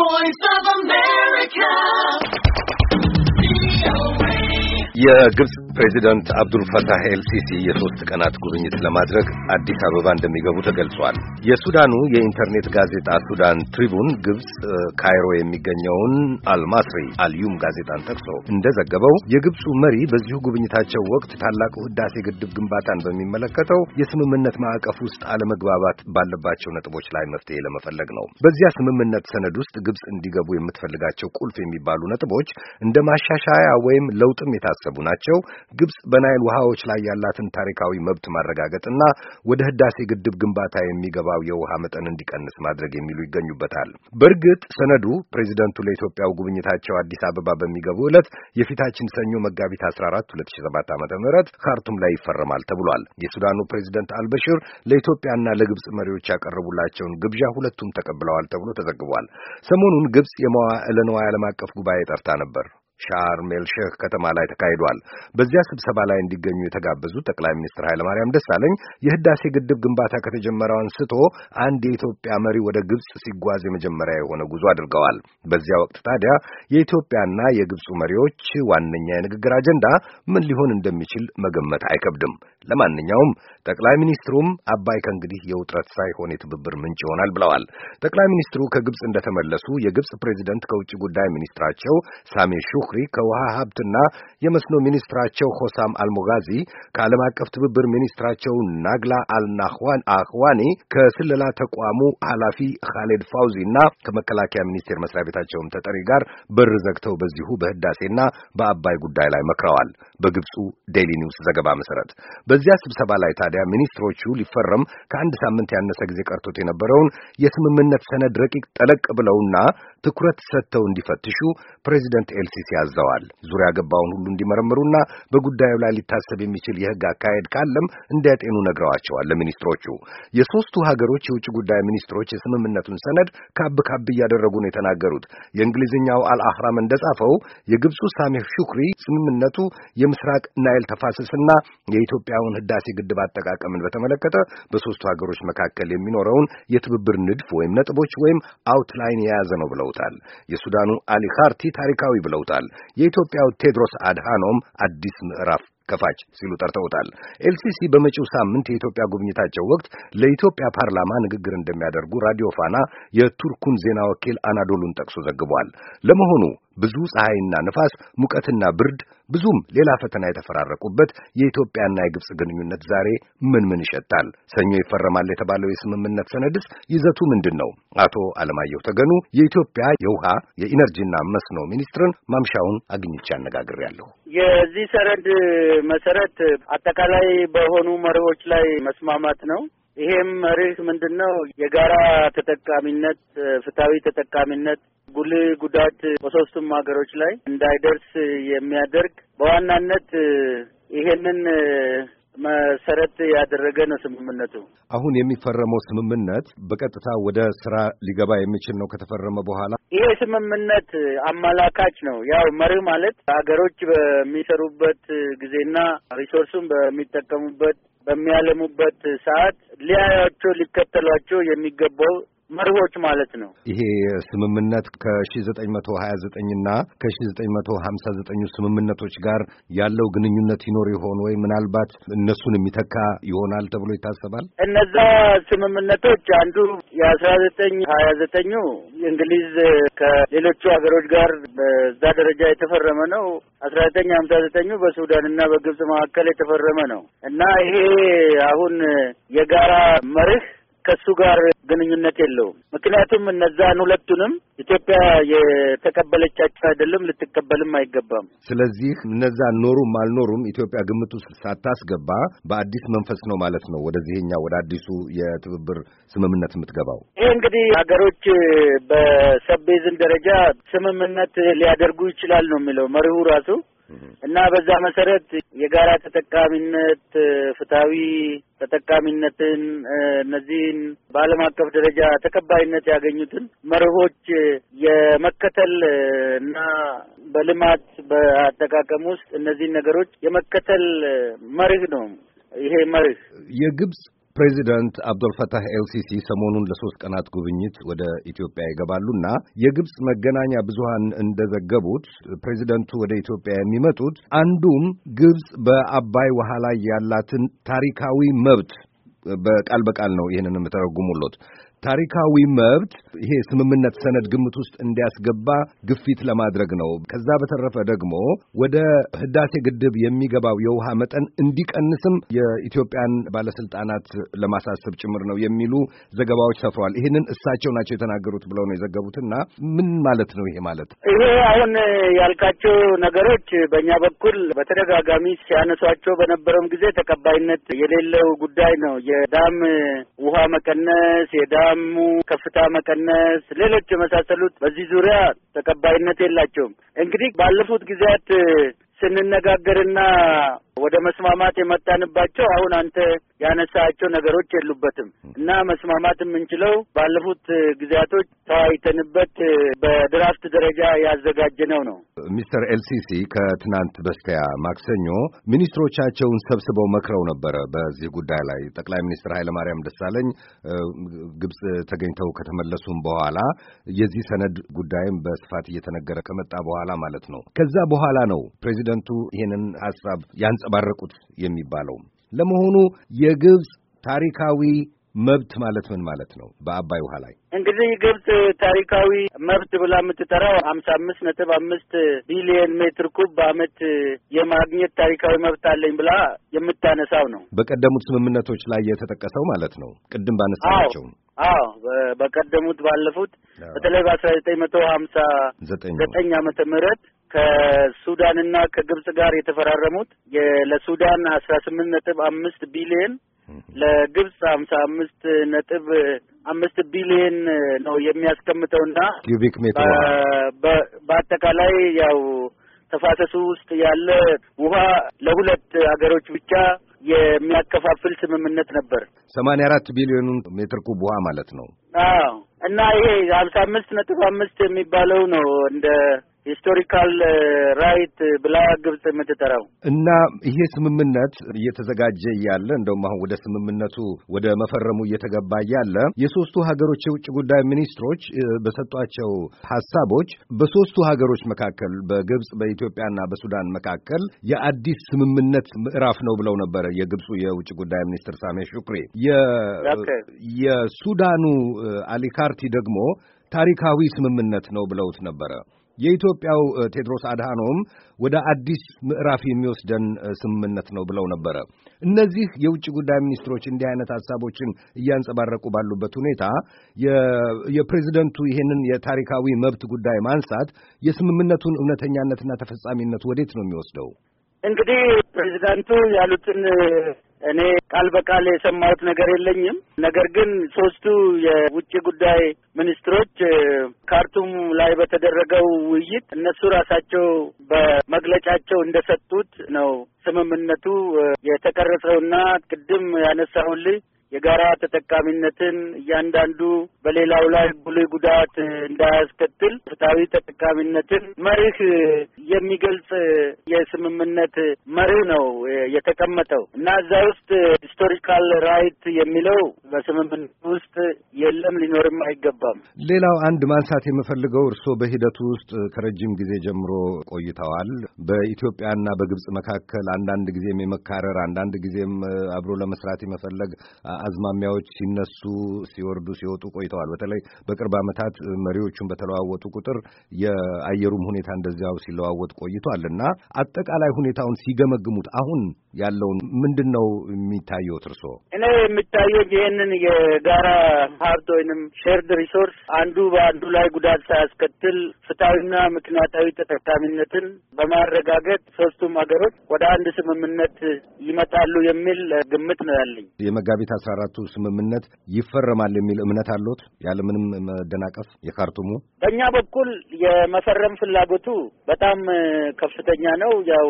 voice of America. Yeah, good. ፕሬዚደንት አብዱልፈታህ ኤልሲሲ የሦስት ቀናት ጉብኝት ለማድረግ አዲስ አበባ እንደሚገቡ ተገልጿል። የሱዳኑ የኢንተርኔት ጋዜጣ ሱዳን ትሪቡን ግብፅ ካይሮ የሚገኘውን አልማስሪ አልዩም ጋዜጣን ጠቅሶ እንደዘገበው የግብፁ መሪ በዚሁ ጉብኝታቸው ወቅት ታላቁ ህዳሴ ግድብ ግንባታን በሚመለከተው የስምምነት ማዕቀፍ ውስጥ አለመግባባት ባለባቸው ነጥቦች ላይ መፍትሄ ለመፈለግ ነው። በዚያ ስምምነት ሰነድ ውስጥ ግብፅ እንዲገቡ የምትፈልጋቸው ቁልፍ የሚባሉ ነጥቦች እንደ ማሻሻያ ወይም ለውጥም የታሰቡ ናቸው። ግብጽ በናይል ውሃዎች ላይ ያላትን ታሪካዊ መብት ማረጋገጥና ወደ ህዳሴ ግድብ ግንባታ የሚገባው የውሃ መጠን እንዲቀንስ ማድረግ የሚሉ ይገኙበታል። በእርግጥ ሰነዱ ፕሬዚደንቱ ለኢትዮጵያው ጉብኝታቸው አዲስ አበባ በሚገቡ ዕለት የፊታችን ሰኞ መጋቢት 14 2007 ም ካርቱም ላይ ይፈረማል ተብሏል። የሱዳኑ ፕሬዚደንት አልበሽር ለኢትዮጵያና ለግብጽ መሪዎች ያቀረቡላቸውን ግብዣ ሁለቱም ተቀብለዋል ተብሎ ተዘግቧል። ሰሞኑን ግብጽ የመዋዕለ ንዋይ ዓለም አቀፍ ጉባኤ ጠርታ ነበር። ሻርሜል ኤል ሼህ ከተማ ላይ ተካሂዷል። በዚያ ስብሰባ ላይ እንዲገኙ የተጋበዙት ጠቅላይ ሚኒስትር ኃይለማርያም ደሳለኝ የህዳሴ ግድብ ግንባታ ከተጀመረው አንስቶ አንድ የኢትዮጵያ መሪ ወደ ግብጽ ሲጓዝ የመጀመሪያ የሆነ ጉዞ አድርገዋል። በዚያ ወቅት ታዲያ የኢትዮጵያና የግብጹ መሪዎች ዋነኛ የንግግር አጀንዳ ምን ሊሆን እንደሚችል መገመት አይከብድም። ለማንኛውም ጠቅላይ ሚኒስትሩም አባይ ከእንግዲህ የውጥረት ሳይሆን የትብብር ምንጭ ይሆናል ብለዋል። ጠቅላይ ሚኒስትሩ ከግብጽ እንደተመለሱ የግብጽ ፕሬዚደንት ከውጭ ጉዳይ ሚኒስትራቸው ሳሜ ሹክ ፋክሪ ከውሃ ሀብትና የመስኖ ሚኒስትራቸው ሆሳም አልሞጋዚ ከዓለም አቀፍ ትብብር ሚኒስትራቸው ናግላ አልናህዋን አህዋኒ ከስለላ ተቋሙ ኃላፊ ካሌድ ፋውዚ እና ከመከላከያ ሚኒስቴር መስሪያ ቤታቸውም ተጠሪ ጋር በር ዘግተው በዚሁ በህዳሴና በአባይ ጉዳይ ላይ መክረዋል። በግብፁ ዴይሊ ኒውስ ዘገባ መሰረት በዚያ ስብሰባ ላይ ታዲያ ሚኒስትሮቹ ሊፈረም ከአንድ ሳምንት ያነሰ ጊዜ ቀርቶት የነበረውን የስምምነት ሰነድ ረቂቅ ጠለቅ ብለውና ትኩረት ሰጥተው እንዲፈትሹ ፕሬዚደንት ኤልሲሲ አዘዋል። ዙሪያ ገባውን ሁሉ እንዲመረምሩና በጉዳዩ ላይ ሊታሰብ የሚችል የህግ አካሄድ ካለም እንዲያጤኑ ነግረዋቸዋል ለሚኒስትሮቹ። የሦስቱ ሀገሮች የውጭ ጉዳይ ሚኒስትሮች የስምምነቱን ሰነድ ካብ ካብ እያደረጉ ነው የተናገሩት። የእንግሊዝኛው አልአህራም እንደጻፈው የግብፁ ሳሜህ ሹክሪ ስምምነቱ የምስራቅ ናይል ተፋሰስና የኢትዮጵያውን ህዳሴ ግድብ አጠቃቀምን በተመለከተ በሦስቱ ሀገሮች መካከል የሚኖረውን የትብብር ንድፍ ወይም ነጥቦች ወይም አውትላይን የያዘ ነው ብለው ብለውታል። የሱዳኑ አሊ ካርቲ ታሪካዊ ብለውታል። የኢትዮጵያው ቴድሮስ አድሃኖም አዲስ ምዕራፍ ከፋች ሲሉ ጠርተውታል። ኤልሲሲ በመጪው ሳምንት የኢትዮጵያ ጉብኝታቸው ወቅት ለኢትዮጵያ ፓርላማ ንግግር እንደሚያደርጉ ራዲዮ ፋና የቱርኩን ዜና ወኪል አናዶሉን ጠቅሶ ዘግቧል። ለመሆኑ ብዙ ፀሐይና ነፋስ፣ ሙቀትና ብርድ፣ ብዙም ሌላ ፈተና የተፈራረቁበት የኢትዮጵያና የግብፅ ግንኙነት ዛሬ ምን ምን ይሸታል? ሰኞ ይፈረማል የተባለው የስምምነት ሰነድስ ይዘቱ ምንድን ነው? አቶ አለማየሁ ተገኑ የኢትዮጵያ የውሃ የኢነርጂና መስኖ ሚኒስትርን ማምሻውን አግኝቼ አነጋግሬያለሁ። የዚህ ሰነድ መሰረት አጠቃላይ በሆኑ መሪዎች ላይ መስማማት ነው። ይሄም መርህ ምንድን ነው? የጋራ ተጠቃሚነት፣ ፍትሐዊ ተጠቃሚነት ጉልህ ጉዳት በሶስቱም ሀገሮች ላይ እንዳይደርስ የሚያደርግ በዋናነት ይሄንን መሰረት ያደረገ ነው ስምምነቱ። አሁን የሚፈረመው ስምምነት በቀጥታ ወደ ስራ ሊገባ የሚችል ነው ከተፈረመ በኋላ። ይሄ ስምምነት አመላካች ነው። ያው መርህ ማለት ሀገሮች በሚሰሩበት ጊዜና ሪሶርሱን በሚጠቀሙበት በሚያለሙበት ሰዓት ሊያያቸው ሊከተሏቸው የሚገባው መርሆች ማለት ነው። ይሄ ስምምነት ከ1929 እና ከ1959 ስምምነቶች ጋር ያለው ግንኙነት ይኖር ይሆን ወይ? ምናልባት እነሱን የሚተካ ይሆናል ተብሎ ይታሰባል። እነዛ ስምምነቶች አንዱ የ1929ኙ እንግሊዝ ከሌሎቹ ሀገሮች ጋር በዛ ደረጃ የተፈረመ ነው። አስራ ዘጠኝ ሀምሳ ዘጠኙ በሱዳንና በግብጽ መካከል የተፈረመ ነው እና ይሄ አሁን የጋራ መርህ ከሱ ጋር ግንኙነት የለውም። ምክንያቱም እነዛን ሁለቱንም ኢትዮጵያ የተቀበለቻቸው አይደለም፣ ልትቀበልም አይገባም። ስለዚህ እነዛ ኖሩም አልኖሩም ኢትዮጵያ ግምት ውስጥ ሳታስገባ በአዲስ መንፈስ ነው ማለት ነው ወደዚህኛ ወደ አዲሱ የትብብር ስምምነት የምትገባው። ይሄ እንግዲህ ሀገሮች በሰቤዝን ደረጃ ስምምነት ሊያደርጉ ይችላል ነው የሚለው መሪሁ ራሱ እና በዛ መሰረት የጋራ ተጠቃሚነት፣ ፍትሐዊ ተጠቃሚነትን እነዚህን በዓለም አቀፍ ደረጃ ተቀባይነት ያገኙትን መርሆች የመከተል እና በልማት በአጠቃቀም ውስጥ እነዚህን ነገሮች የመከተል መርህ ነው። ይሄ መርህ የግብጽ ፕሬዚደንት አብዶልፈታህ ኤልሲሲ ሰሞኑን ለሶስት ቀናት ጉብኝት ወደ ኢትዮጵያ ይገባሉና የግብፅ መገናኛ ብዙሃን እንደዘገቡት ፕሬዚደንቱ ወደ ኢትዮጵያ የሚመጡት አንዱም ግብፅ በአባይ ውሃ ላይ ያላትን ታሪካዊ መብት በቃል በቃል ነው ይህንን የምተረጉሙሎት ታሪካዊ መብት ይሄ ስምምነት ሰነድ ግምት ውስጥ እንዲያስገባ ግፊት ለማድረግ ነው። ከዛ በተረፈ ደግሞ ወደ ህዳሴ ግድብ የሚገባው የውሃ መጠን እንዲቀንስም የኢትዮጵያን ባለስልጣናት ለማሳሰብ ጭምር ነው የሚሉ ዘገባዎች ሰፍረዋል። ይህንን እሳቸው ናቸው የተናገሩት ብለው ነው የዘገቡትና ምን ማለት ነው ይሄ ማለት? ይሄ አሁን ያልካቸው ነገሮች በእኛ በኩል በተደጋጋሚ ሲያነሷቸው በነበረውም ጊዜ ተቀባይነት የሌለው ጉዳይ ነው። የዳም ውሃ መቀነስ የዳ የተስማሙ ከፍታ መቀነስ፣ ሌሎች የመሳሰሉት በዚህ ዙሪያ ተቀባይነት የላቸውም። እንግዲህ ባለፉት ጊዜያት ስንነጋገርና ወደ መስማማት የመጣንባቸው አሁን አንተ ያነሳቸው ነገሮች የሉበትም እና መስማማት የምንችለው ባለፉት ጊዜያቶች ተወያይተንበት በድራፍት ደረጃ ያዘጋጀነው ነው። ሚስተር ኤልሲሲ ከትናንት በስቲያ ማክሰኞ ሚኒስትሮቻቸውን ሰብስበው መክረው ነበረ በዚህ ጉዳይ ላይ ጠቅላይ ሚኒስትር ኃይለማርያም ደሳለኝ ግብጽ ተገኝተው ከተመለሱም በኋላ የዚህ ሰነድ ጉዳይም በስፋት እየተነገረ ከመጣ በኋላ ማለት ነው። ከዛ በኋላ ነው ፕሬዚደንት ፕሬዚደንቱ ይህንን ሀሳብ ያንጸባረቁት የሚባለው። ለመሆኑ የግብፅ ታሪካዊ መብት ማለት ምን ማለት ነው? በአባይ ውሃ ላይ እንግዲህ ግብጽ ታሪካዊ መብት ብላ የምትጠራው ሀምሳ አምስት ነጥብ አምስት ቢሊየን ሜትር ኩብ በአመት የማግኘት ታሪካዊ መብት አለኝ ብላ የምታነሳው ነው። በቀደሙት ስምምነቶች ላይ የተጠቀሰው ማለት ነው። ቅድም ባነሳቸው አዎ፣ በቀደሙት ባለፉት በተለይ በአስራ ዘጠኝ መቶ ሀምሳ ዘጠኝ ዓመተ ምህረት ከሱዳንና ከግብጽ ጋር የተፈራረሙት ለሱዳን አስራ ስምንት ነጥብ አምስት ቢሊየን ለግብጽ ሀምሳ አምስት ነጥብ አምስት ቢሊየን ነው የሚያስቀምጠው የሚያስቀምጠውና ኪዩቢክ ሜትር በአጠቃላይ ያው ተፋሰሱ ውስጥ ያለ ውሃ ለሁለት ሀገሮች ብቻ የሚያከፋፍል ስምምነት ነበር። ሰማንያ አራት ቢሊዮኑን ሜትር ኩብ ውሃ ማለት ነው። አዎ እና ይሄ ሀምሳ አምስት ነጥብ አምስት የሚባለው ነው እንደ ሂስቶሪካል ራይት ብላ ግብጽ የምትጠራው እና ይሄ ስምምነት እየተዘጋጀ እያለ እንደውም አሁን ወደ ስምምነቱ ወደ መፈረሙ እየተገባ እያለ የሶስቱ ሀገሮች የውጭ ጉዳይ ሚኒስትሮች በሰጧቸው ሀሳቦች በሶስቱ ሀገሮች መካከል በግብጽ በኢትዮጵያና በሱዳን መካከል የአዲስ ስምምነት ምዕራፍ ነው ብለው ነበረ። የግብፁ የውጭ ጉዳይ ሚኒስትር ሳሜ ሹክሪ፣ የሱዳኑ አሊካርቲ ደግሞ ታሪካዊ ስምምነት ነው ብለውት ነበረ። የኢትዮጵያው ቴድሮስ አድሃኖም ወደ አዲስ ምዕራፍ የሚወስደን ስምምነት ነው ብለው ነበረ። እነዚህ የውጭ ጉዳይ ሚኒስትሮች እንዲህ አይነት ሀሳቦችን እያንጸባረቁ ባሉበት ሁኔታ የፕሬዚደንቱ ይህንን የታሪካዊ መብት ጉዳይ ማንሳት የስምምነቱን እውነተኛነትና ተፈጻሚነት ወዴት ነው የሚወስደው? እንግዲህ ፕሬዚዳንቱ ያሉትን እኔ ቃል በቃል የሰማሁት ነገር የለኝም። ነገር ግን ሶስቱ የውጭ ጉዳይ ሚኒስትሮች ካርቱም ላይ በተደረገው ውይይት እነሱ ራሳቸው በመግለጫቸው እንደሰጡት ነው ስምምነቱ የተቀረጸውና ቅድም ያነሳሁልህ የጋራ ተጠቃሚነትን እያንዳንዱ በሌላው ላይ ጉልህ ጉዳት እንዳያስከትል ፍትሐዊ ተጠቃሚነትን መርህ የሚገልጽ የስምምነት መርህ ነው የተቀመጠው እና እዛ ውስጥ ሂስቶሪካል ራይት የሚለው በስምምነት ውስጥ የለም፣ ሊኖርም አይገባም። ሌላው አንድ ማንሳት የምፈልገው እርስዎ በሂደቱ ውስጥ ከረጅም ጊዜ ጀምሮ ቆይተዋል። በኢትዮጵያና በግብጽ መካከል አንዳንድ ጊዜም የመካረር አንዳንድ ጊዜም አብሮ ለመስራት የመፈለግ አዝማሚያዎች ሲነሱ ሲወርዱ ሲወጡ ቆይተዋል። በተለይ በቅርብ ዓመታት መሪዎቹን በተለዋወጡ ቁጥር የአየሩም ሁኔታ እንደዚያው ሲለዋወጥ ቆይቷል እና አጠቃላይ ሁኔታውን ሲገመግሙት አሁን ያለውን ምንድን ነው የሚታየው? እርሶ? እኔ የሚታየው ይህንን የጋራ ሀብት ወይንም ሼርድ ሪሶርስ አንዱ በአንዱ ላይ ጉዳት ሳያስከትል ፍትሐዊና ምክንያታዊ ተጠቃሚነትን በማረጋገጥ ሶስቱም ሀገሮች ወደ አንድ ስምምነት ይመጣሉ የሚል ግምት ነው ያለኝ። የመጋቢት አራቱ ስምምነት ይፈረማል የሚል እምነት አለት ያለምንም መደናቀፍ የካርቱሙ በእኛ በኩል የመፈረም ፍላጎቱ በጣም ከፍተኛ ነው። ያው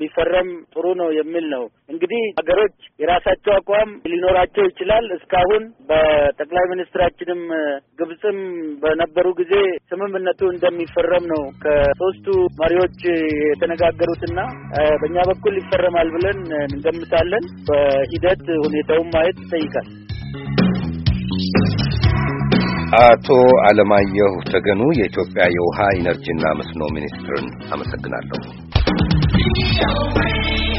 ቢፈረም ጥሩ ነው የሚል ነው። እንግዲህ ሀገሮች የራሳቸው አቋም ሊኖራቸው ይችላል። እስካሁን በጠቅላይ ሚኒስትራችንም ግብጽም በነበሩ ጊዜ ስምምነቱ እንደሚፈረም ነው ከሶስቱ መሪዎች የተነጋገሩትና በእኛ በኩል ይፈረማል ብለን እንገምታለን። በሂደት ሁኔታውን ማየት ይጠይቃል። አቶ አለማየሁ ተገኑ የኢትዮጵያ የውሃ ኢነርጂና መስኖ ሚኒስትርን አመሰግናለሁ። Be away.